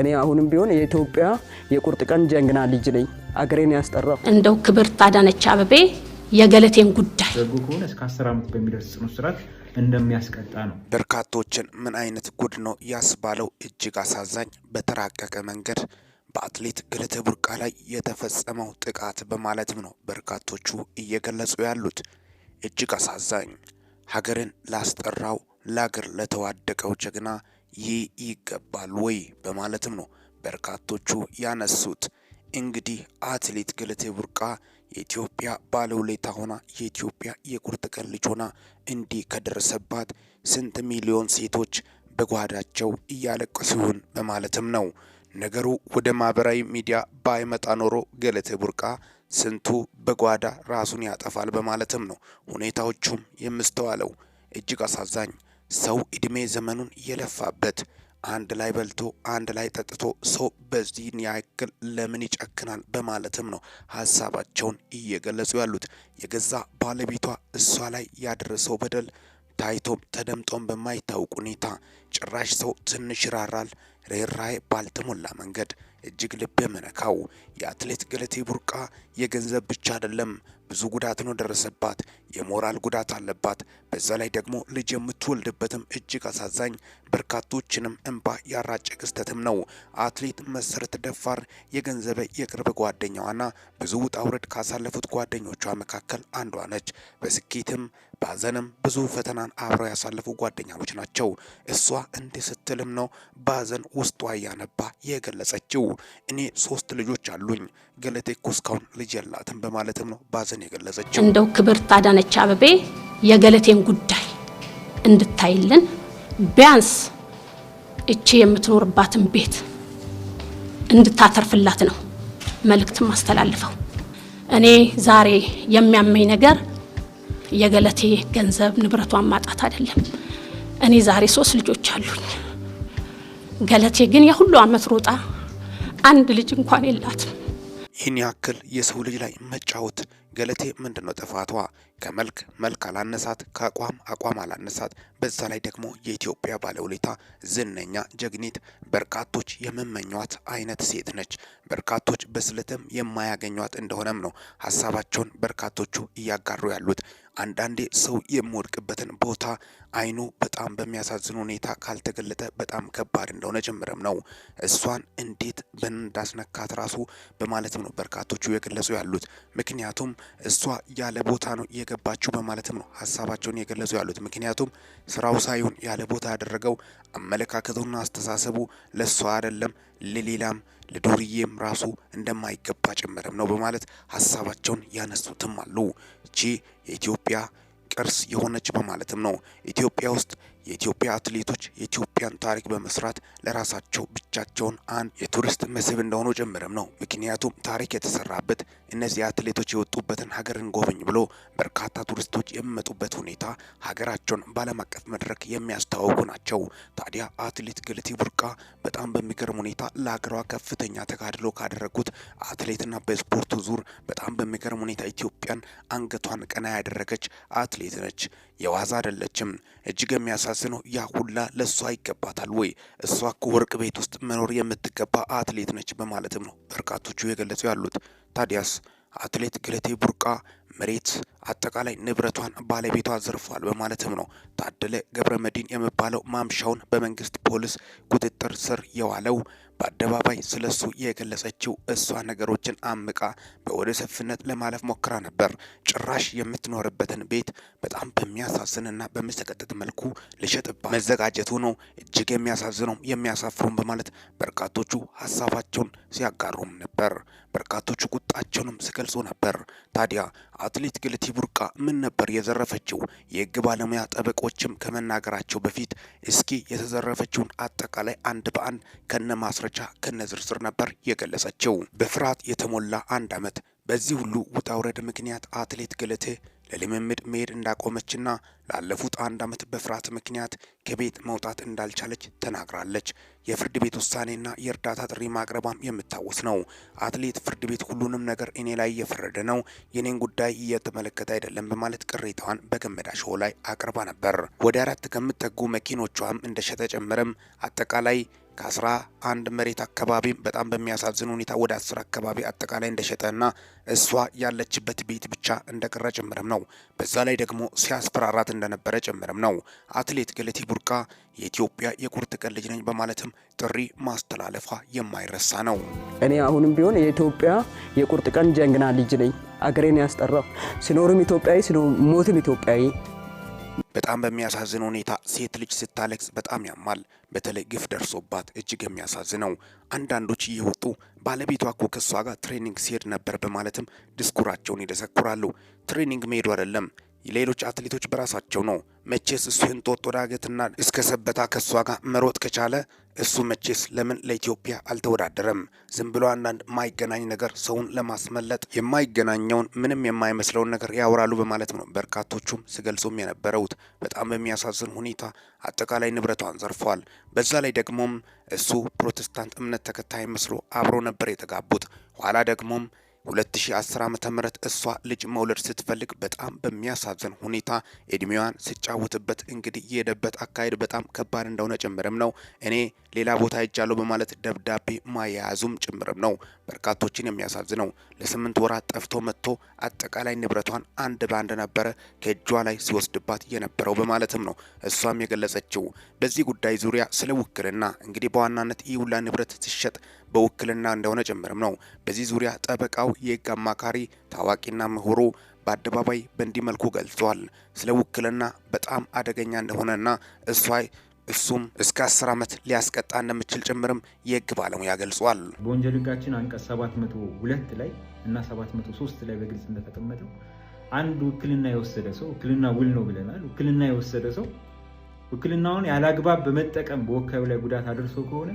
እኔ አሁንም ቢሆን የኢትዮጵያ የቁርጥ ቀን ጀግና ልጅ ነኝ። አገሬን ያስጠራው እንደው ክብርት አዳነች አበቤ የገለቴን ጉዳይ ዘጉ ከሆነ እስከ አስር ዓመት በሚደርስ ጽኑ እስራት እንደሚያስቀጣ ነው። በርካቶችን ምን አይነት ጉድ ነው ያስባለው እጅግ አሳዛኝ በተራቀቀ መንገድ በአትሌት ገለቴ ቡርቃ ላይ የተፈጸመው ጥቃት በማለትም ነው በርካቶቹ እየገለጹ ያሉት። እጅግ አሳዛኝ ሀገርን ላስጠራው ለአገር ለተዋደቀው ጀግና ይህ ይገባል ወይ በማለትም ነው በርካቶቹ ያነሱት። እንግዲህ አትሌት ገለቴ ቡርቃ የኢትዮጵያ ባለውለታ ሆና የኢትዮጵያ የቁርጥ ቀን ልጅ ሆና እንዲህ ከደረሰባት ስንት ሚሊዮን ሴቶች በጓዳቸው እያለቀሱ ይሆን በማለትም ነው ነገሩ። ወደ ማህበራዊ ሚዲያ ባይመጣ ኖሮ ገለቴ ቡርቃ ስንቱ በጓዳ ራሱን ያጠፋል በማለትም ነው ሁኔታዎቹም የምስተዋለው እጅግ አሳዛኝ ሰው እድሜ ዘመኑን የለፋበት አንድ ላይ በልቶ አንድ ላይ ጠጥቶ ሰው በዚህን ያክል ለምን ይጨክናል? በማለትም ነው ሀሳባቸውን እየገለጹ ያሉት። የገዛ ባለቤቷ እሷ ላይ ያደረሰው በደል ታይቶም ተደምጦም በማይታወቅ ሁኔታ ጭራሽ ሰው ትንሽ ይራራል። ርኅራኄ ባልተሞላ መንገድ እጅግ ልብ መነካው የአትሌት ገለቴ ቡርቃ የገንዘብ ብቻ አይደለም ብዙ ጉዳት ነው ደረሰባት። የሞራል ጉዳት አለባት። በዛ ላይ ደግሞ ልጅ የምትወልድበትም እጅግ አሳዛኝ በርካቶችንም እንባ ያራጨ ክስተትም ነው። አትሌት መሰረት ደፋር የገንዘበ የቅርብ ጓደኛዋና ብዙ ውጣ ውረድ ካሳለፉት ጓደኞቿ መካከል አንዷ ነች። በስኬትም ባዘንም ብዙ ፈተናን አብረው ያሳለፉ ጓደኛሞች ናቸው። እሷ እንዲህ ስትልም ነው ባዘን ውስጧ እያነባ የገለጸችው። እኔ ሶስት ልጆች አሉኝ፣ ገለቴ እኮ እስካሁን ልጅ የላትም በማለትም ነው ባዘን የገለጸችው። እንደው ክብርት አዳነች አበቤ የገለቴን ጉዳይ እንድታይልን ቢያንስ እቺ የምትኖርባትን ቤት እንድታተርፍላት ነው መልእክትም አስተላልፈው። እኔ ዛሬ የሚያመኝ ነገር የገለቴ ገንዘብ ንብረቷን ማጣት አይደለም። እኔ ዛሬ ሶስት ልጆች አሉኝ። ገለቴ ግን የሁሉ አመት ሮጣ አንድ ልጅ እንኳን የላትም። ይህን ያክል የሰው ልጅ ላይ መጫወት ገለቴ ምንድን ነው ጥፋቷ? ከመልክ መልክ አላነሳት፣ ከአቋም አቋም አላነሳት። በዛ ላይ ደግሞ የኢትዮጵያ ባለውለታ ዝነኛ ጀግኒት፣ በርካቶች የምመኟት አይነት ሴት ነች። በርካቶች በስልትም የማያገኟት እንደሆነም ነው ሀሳባቸውን በርካቶቹ እያጋሩ ያሉት። አንዳንዴ ሰው የሚወድቅበትን ቦታ አይኑ በጣም በሚያሳዝን ሁኔታ ካልተገለጠ በጣም ከባድ እንደሆነ ጭምርም ነው። እሷን እንዴት እንዳስነካት ራሱ በማለትም ነው በርካቶቹ የገለጹ ያሉት ምክንያቱም እሷ ያለ ቦታ ነው የገባችው በማለትም ነው ሀሳባቸውን የገለጹ ያሉት። ምክንያቱም ስራው ሳይሆን ያለ ቦታ ያደረገው አመለካከቱና አስተሳሰቡ ለሷ አይደለም ለሌላም ለዱርዬም ራሱ እንደማይገባ ጭምርም ነው በማለት ሀሳባቸውን ያነሱትም አሉ። እቺ የኢትዮጵያ ቅርስ የሆነች በማለትም ነው ኢትዮጵያ ውስጥ የኢትዮጵያ አትሌቶች የኢትዮጵያን ታሪክ በመስራት ለራሳቸው ብቻቸውን አንድ የቱሪስት መስህብ እንደሆኑ ጭምርም ነው። ምክንያቱም ታሪክ የተሰራበት እነዚህ አትሌቶች የወጡበትን ሀገር እንጎብኝ ብሎ በርካታ ቱሪስቶች የሚመጡበት ሁኔታ ሀገራቸውን በዓለም አቀፍ መድረክ የሚያስተዋውቁ ናቸው። ታዲያ አትሌት ገለቴ ቡርቃ በጣም በሚገርም ሁኔታ ለሀገሯ ከፍተኛ ተጋድሎ ካደረጉት አትሌትና በስፖርቱ ዙር በጣም በሚገርም ሁኔታ ኢትዮጵያን አንገቷን ቀና ያደረገች አትሌት ነች። የዋዛ አይደለችም። እጅግ የሚያሳዝነው ያ ሁላ ለእሷ ይገባታል ወይ? እሷ እኮ ወርቅ ቤት ውስጥ መኖር የምትገባ አትሌት ነች በማለትም ነው በርካቶቹ የገለጹ ያሉት። ታዲያስ አትሌት ገለቴ ቡርቃ መሬት አጠቃላይ ንብረቷን ባለቤቷ ዘርፏል በማለትም ነው ታደለ ገብረ መድህን የሚባለው ማምሻውን በመንግስት ፖሊስ ቁጥጥር ስር የዋለው። በአደባባይ ስለሱ የገለጸችው እሷ ነገሮችን አምቃ በወደ ሰፊነት ለማለፍ ሞክራ ነበር። ጭራሽ የምትኖርበትን ቤት በጣም በሚያሳዝንና በሚሰቀጥጥ መልኩ ልሸጥባ መዘጋጀቱ ነው እጅግ የሚያሳዝነው የሚያሳፍሩም በማለት በርካቶቹ ሀሳባቸውን ሲያጋሩም ነበር። በርካቶቹ ቁጣቸውንም ሲገልጹ ነበር። ታዲያ አትሌት ገለቴ ቡርቃ ምን ነበር የዘረፈችው? የህግ ባለሙያ ጠበቆችም ከመናገራቸው በፊት እስኪ የተዘረፈችውን አጠቃላይ አንድ በአንድ ከነ ማስረጃ ከነ ዝርዝር ነበር የገለጸችው። በፍርሃት የተሞላ አንድ አመት በዚህ ሁሉ ውጣውረድ ምክንያት አትሌት ገለቴ ለልምምድ መሄድ እንዳቆመችና ላለፉት አንድ ዓመት በፍርሃት ምክንያት ከቤት መውጣት እንዳልቻለች ተናግራለች። የፍርድ ቤት ውሳኔና የእርዳታ ጥሪ ማቅረቧም የምታወስ ነው። አትሌት ፍርድ ቤት ሁሉንም ነገር እኔ ላይ እየፈረደ ነው፣ የኔን ጉዳይ እየተመለከተ አይደለም በማለት ቅሬታዋን በገመዳ ሾው ላይ አቅርባ ነበር። ወደ አራት ከምጠጉ መኪኖቿም እንደሸጠ ጨምረም አጠቃላይ ከአስራ አንድ መሬት አካባቢ በጣም በሚያሳዝን ሁኔታ ወደ አስር አካባቢ አጠቃላይ እንደሸጠና እሷ ያለችበት ቤት ብቻ እንደቀረ ጭምርም ነው። በዛ ላይ ደግሞ ሲያስፈራራት እንደነበረ ጭምርም ነው። አትሌት ገለቴ ቡርቃ የኢትዮጵያ የቁርጥ ቀን ልጅ ነኝ በማለትም ጥሪ ማስተላለፏ የማይረሳ ነው። እኔ አሁንም ቢሆን የኢትዮጵያ የቁርጥ ቀን ጀግና ልጅ ነኝ። አገሬን ያስጠራው ስኖርም ኢትዮጵያዊ ስኖ ሞትም ኢትዮጵያዊ በጣም በሚያሳዝን ሁኔታ ሴት ልጅ ስታለቅስ በጣም ያማል። በተለይ ግፍ ደርሶባት እጅግ የሚያሳዝነው። አንዳንዶች እየወጡ ባለቤቷ እኮ ከሷ ጋር ትሬኒንግ ሲሄድ ነበር በማለትም ድስኩራቸውን ይደሰኩራሉ። ትሬኒንግ መሄዱ አይደለም ሌሎች አትሌቶች በራሳቸው ነው። መቼስ እሱ እንጦጦ ዳገትና እስከ ሰበታ ከእሷ ጋር መሮጥ ከቻለ እሱ መቼስ ለምን ለኢትዮጵያ አልተወዳደረም? ዝም ብሎ አንዳንድ ማይገናኝ ነገር ሰውን ለማስመለጥ የማይገናኘውን ምንም የማይመስለውን ነገር ያወራሉ በማለት ነው በርካቶቹም ሲገልጹም የነበረውት። በጣም በሚያሳዝን ሁኔታ አጠቃላይ ንብረቷን ዘርፏል። በዛ ላይ ደግሞም እሱ ፕሮቴስታንት እምነት ተከታይ መስሎ አብሮ ነበር የተጋቡት። ኋላ ደግሞም 2010 ዓ ም እሷ ልጅ መውለድ ስትፈልግ በጣም በሚያሳዝን ሁኔታ እድሜዋን ስጫወትበት እንግዲህ የሄደበት አካሄድ በጣም ከባድ እንደሆነ ጭምርም ነው። እኔ ሌላ ቦታ ሄጃለሁ በማለት ደብዳቤ ማያያዙም ጭምርም ነው። በርካቶችን የሚያሳዝነው ለስምንት ወራት ጠፍቶ መጥቶ አጠቃላይ ንብረቷን አንድ በአንድ ነበረ ከእጇ ላይ ሲወስድባት የነበረው በማለትም ነው እሷም የገለጸችው። በዚህ ጉዳይ ዙሪያ ስለ ውክልና እንግዲህ በዋናነት ይህ ሁላ ንብረት ሲሸጥ በውክልና እንደሆነ ጭምርም ነው። በዚህ ዙሪያ ጠበቃው የህግ አማካሪ ታዋቂና ምሁሩ በአደባባይ በእንዲህ መልኩ ገልጿል። ስለ ውክልና በጣም አደገኛ እንደሆነና እሷ እሱም እስከ አስር ዓመት ሊያስቀጣ እንደምችል ጭምርም የህግ ባለሙያ ገልጿል። በወንጀል ህጋችን አንቀጽ 702 ላይ እና 703 ላይ በግልጽ እንደተቀመጠው አንድ ውክልና የወሰደ ሰው ውክልና ውል ነው ብለናል። ውክልና የወሰደ ሰው ውክልናውን ያለ አግባብ በመጠቀም በወካዩ ላይ ጉዳት አድርሶ ከሆነ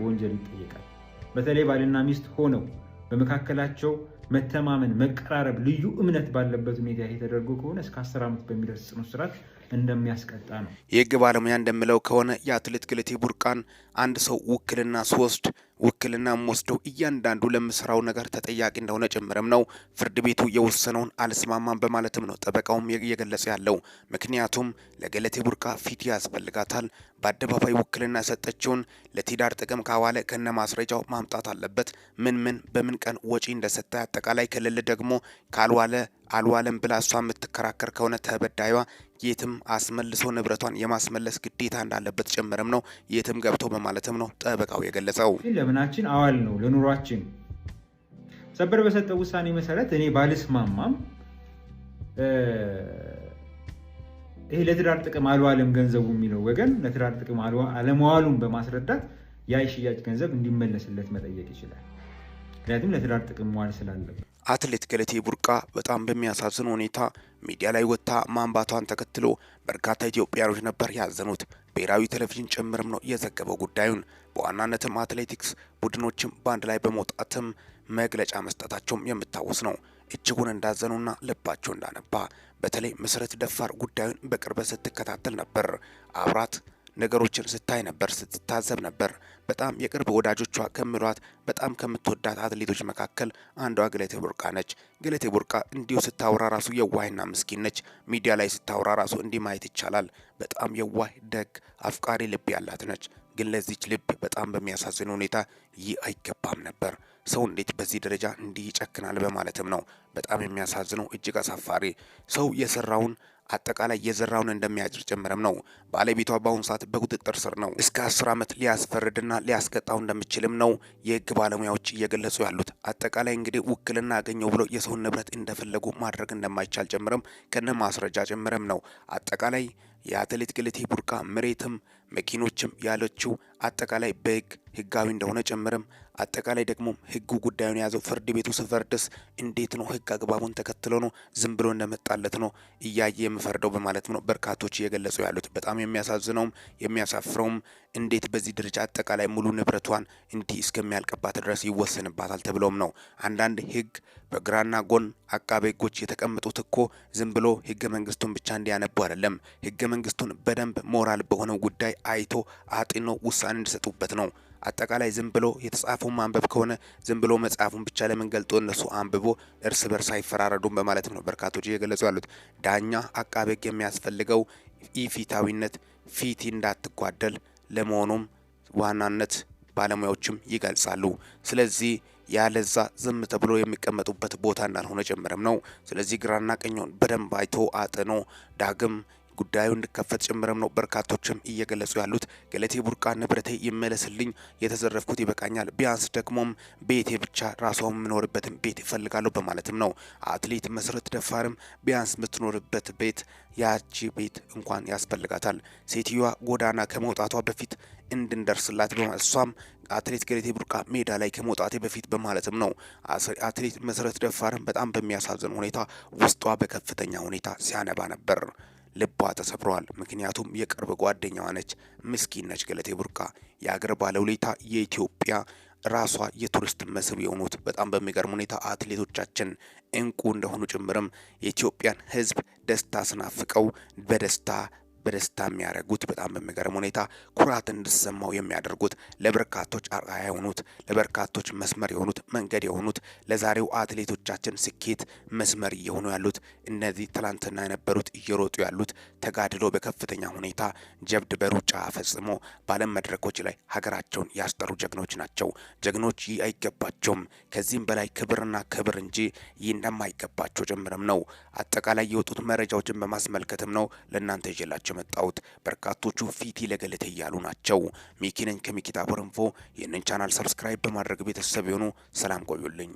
በወንጀል ይጠየቃል። በተለይ ባልና ሚስት ሆነው በመካከላቸው መተማመን፣ መቀራረብ፣ ልዩ እምነት ባለበት ሁኔታ ተደርጎ ከሆነ እስከ አስር ዓመት በሚደርስ ጽኑ እስራት እንደሚያስቀጣ ነው። የህግ ባለሙያ እንደምለው ከሆነ የአትሌት ገለቴ ቡርቃን አንድ ሰው ውክልና ሲወስድ ውክልና ወስደው እያንዳንዱ ለምስራው ነገር ተጠያቂ እንደሆነ ጭምርም ነው። ፍርድ ቤቱ የወሰነውን አልስማማም በማለትም ነው ጠበቃውም እየገለጸ ያለው። ምክንያቱም ለገለቴ ቡርቃ ፊት ያስፈልጋታል። በአደባባይ ውክልና የሰጠችውን ለትዳር ጥቅም ካዋለ ከነ ማስረጃው ማምጣት አለበት። ምን ምን በምን ቀን ወጪ እንደሰጠ አጠቃላይ ክልል ደግሞ ካልዋለ አልዋለም ብላ እሷ የምትከራከር ከሆነ ተበዳይዋ የትም አስመልሶ ንብረቷን የማስመለስ ግዴታ እንዳለበት ጭምርም ነው የትም ገብቶ በማለትም ነው ጠበቃው የገለጸው። ለምናችን አዋል ነው ለኑሯችን። ሰበር በሰጠው ውሳኔ መሰረት እኔ ባልስማማም ይሄ ለትዳር ጥቅም አልዋለም ገንዘቡ የሚለው ወገን ለትዳር ጥቅም አለመዋሉን በማስረዳት ያ የሽያጭ ገንዘብ እንዲመለስለት መጠየቅ ይችላል። ምክንያቱም ለትዳር ጥቅም መዋል ስላለበት አትሌት ገለቴ ቡርቃ በጣም በሚያሳዝን ሁኔታ ሚዲያ ላይ ወጥታ ማንባቷን ተከትሎ በርካታ ኢትዮጵያኖች ነበር ያዘኑት። ብሔራዊ ቴሌቪዥን ጭምርም ነው የዘገበው ጉዳዩን። በዋናነትም አትሌቲክስ ቡድኖችም በአንድ ላይ በመውጣትም መግለጫ መስጠታቸውም የሚታወስ ነው። እጅጉን እንዳዘኑና ልባቸው እንዳነባ በተለይ መሰረት ደፋር ጉዳዩን በቅርበት ስትከታተል ነበር አብራት ነገሮችን ስታይ ነበር፣ ስትታዘብ ነበር። በጣም የቅርብ ወዳጆቿ ከሚሏት በጣም ከምትወዳት አትሌቶች መካከል አንዷ ገለቴ ቡርቃ ነች። ገለቴ ቡርቃ እንዲሁ ስታወራ ራሱ የዋህና ምስኪን ነች። ሚዲያ ላይ ስታወራ ራሱ እንዲህ ማየት ይቻላል። በጣም የዋህ ደግ፣ አፍቃሪ ልብ ያላት ነች። ግን ለዚች ልብ በጣም በሚያሳዝን ሁኔታ ይህ አይገባም ነበር። ሰው እንዴት በዚህ ደረጃ እንዲህ ይጨክናል? በማለትም ነው በጣም የሚያሳዝነው። እጅግ አሳፋሪ ሰው የሰራውን አጠቃላይ የዘራውን እንደሚያጭር ጭምርም ነው። ባለቤቷ በአሁኑ ሰዓት በቁጥጥር ስር ነው። እስከ አስር ዓመት ሊያስፈርድና ሊያስቀጣው እንደሚችልም ነው የህግ ባለሙያዎች እየገለጹ ያሉት። አጠቃላይ እንግዲህ ውክልና አገኘው ብሎ የሰውን ንብረት እንደፈለጉ ማድረግ እንደማይቻል ጭምርም ከነ ማስረጃ ጭምርም ነው። አጠቃላይ የአትሌት ገለቴ ቡርቃ መሬትም መኪኖችም ያለችው አጠቃላይ በህግ ህጋዊ እንደሆነ ጨምርም አጠቃላይ ደግሞ ህጉ ጉዳዩን የያዘው ፍርድ ቤቱ ስፈርድስ እንዴት ነው ህግ አግባቡን ተከትሎ ነው ዝም ብሎ እንደመጣለት ነው እያየ የምፈርደው በማለትም ነው በርካቶች እየገለጹ ያሉት። በጣም የሚያሳዝነውም የሚያሳፍረውም እንዴት በዚህ ደረጃ አጠቃላይ ሙሉ ንብረቷን እንዲህ እስከሚያልቅባት ድረስ ይወሰንባታል ተብሎም ነው። አንዳንድ ህግ በግራና ጎን አቃቤ ህጎች የተቀመጡት እኮ ዝም ብሎ ህገ መንግስቱን ብቻ እንዲያነቡ አይደለም። ህገ መንግስቱን በደንብ ሞራል በሆነው ጉዳይ አይቶ አጢኖ ውሳኔ እንዲሰጡበት ነው። አጠቃላይ ዝም ብሎ የተጻፈውን ማንበብ ከሆነ ዝም ብሎ መጽሐፉን ብቻ ለምን ገልጦ እነሱ አንብቦ እርስ በርስ አይፈራረዱም በማለትም ነው በርካቶች እየገለጹ ያሉት። ዳኛ አቃቤ ህግ የሚያስፈልገው ኢፊታዊነት ፊት እንዳትጓደል ለመሆኑም ዋናነት ባለሙያዎችም ይገልጻሉ። ስለዚህ ያለዛ ዝም ተብሎ የሚቀመጡበት ቦታ እንዳልሆነ ጀምረም ነው። ስለዚህ ግራና ቀኙን በደንብ አይቶ አጥኖ ዳግም ጉዳዩ እንዲከፈት ጭምርም ነው በርካቶችም እየገለጹ ያሉት። ገለቴ ቡርቃ ንብረቴ ይመለስልኝ፣ የተዘረፍኩት ይበቃኛል፣ ቢያንስ ደግሞም ቤቴ ብቻ ራሷ የምኖርበትን ቤት ይፈልጋለሁ በማለትም ነው። አትሌት መሰረት ደፋርም ቢያንስ የምትኖርበት ቤት ያቺ ቤት እንኳን ያስፈልጋታል፣ ሴትዮዋ ጎዳና ከመውጣቷ በፊት እንድንደርስላት በማለት እሷም አትሌት ገለቴ ቡርቃ ሜዳ ላይ ከመውጣቴ በፊት በማለትም ነው። አትሌት መሰረት ደፋርም በጣም በሚያሳዝን ሁኔታ ውስጧ በከፍተኛ ሁኔታ ሲያነባ ነበር። ልቧ ተሰብሯል። ምክንያቱም የቅርብ ጓደኛዋ ነች፣ ምስኪን ነች። ገለቴ ቡርቃ የአገር ባለውለታ የኢትዮጵያ ራሷ የቱሪስት መስህብ የሆኑት በጣም በሚገርም ሁኔታ አትሌቶቻችን እንቁ እንደሆኑ ጭምርም የኢትዮጵያን ሕዝብ ደስታ ስናፍቀው በደስታ በደስታ የሚያደርጉት በጣም በሚገርም ሁኔታ ኩራት እንዲሰማው የሚያደርጉት ለበርካቶች አርአያ የሆኑት ለበርካቶች መስመር የሆኑት መንገድ የሆኑት ለዛሬው አትሌቶቻችን ስኬት መስመር እየሆኑ ያሉት እነዚህ ትላንትና የነበሩት እየሮጡ ያሉት ተጋድሎ በከፍተኛ ሁኔታ ጀብድ በሩጫ ፈጽሞ በዓለም መድረኮች ላይ ሀገራቸውን ያስጠሩ ጀግኖች ናቸው። ጀግኖች ይህ አይገባቸውም። ከዚህም በላይ ክብርና ክብር እንጂ ይህ እንደማይገባቸው ጭምርም ነው። አጠቃላይ የወጡት መረጃዎችን በማስመልከትም ነው ለእናንተ ይላቸው ይዤላቸው መጣሁት። በርካቶቹ ፊቲ ለገለቴ እያሉ ናቸው። ሚኪነኝ ከሚኪታ ቦረንፎ። ይህንን ቻናል ሰብስክራይብ በማድረግ ቤተሰብ የሆኑ ሰላም ቆዩልኝ።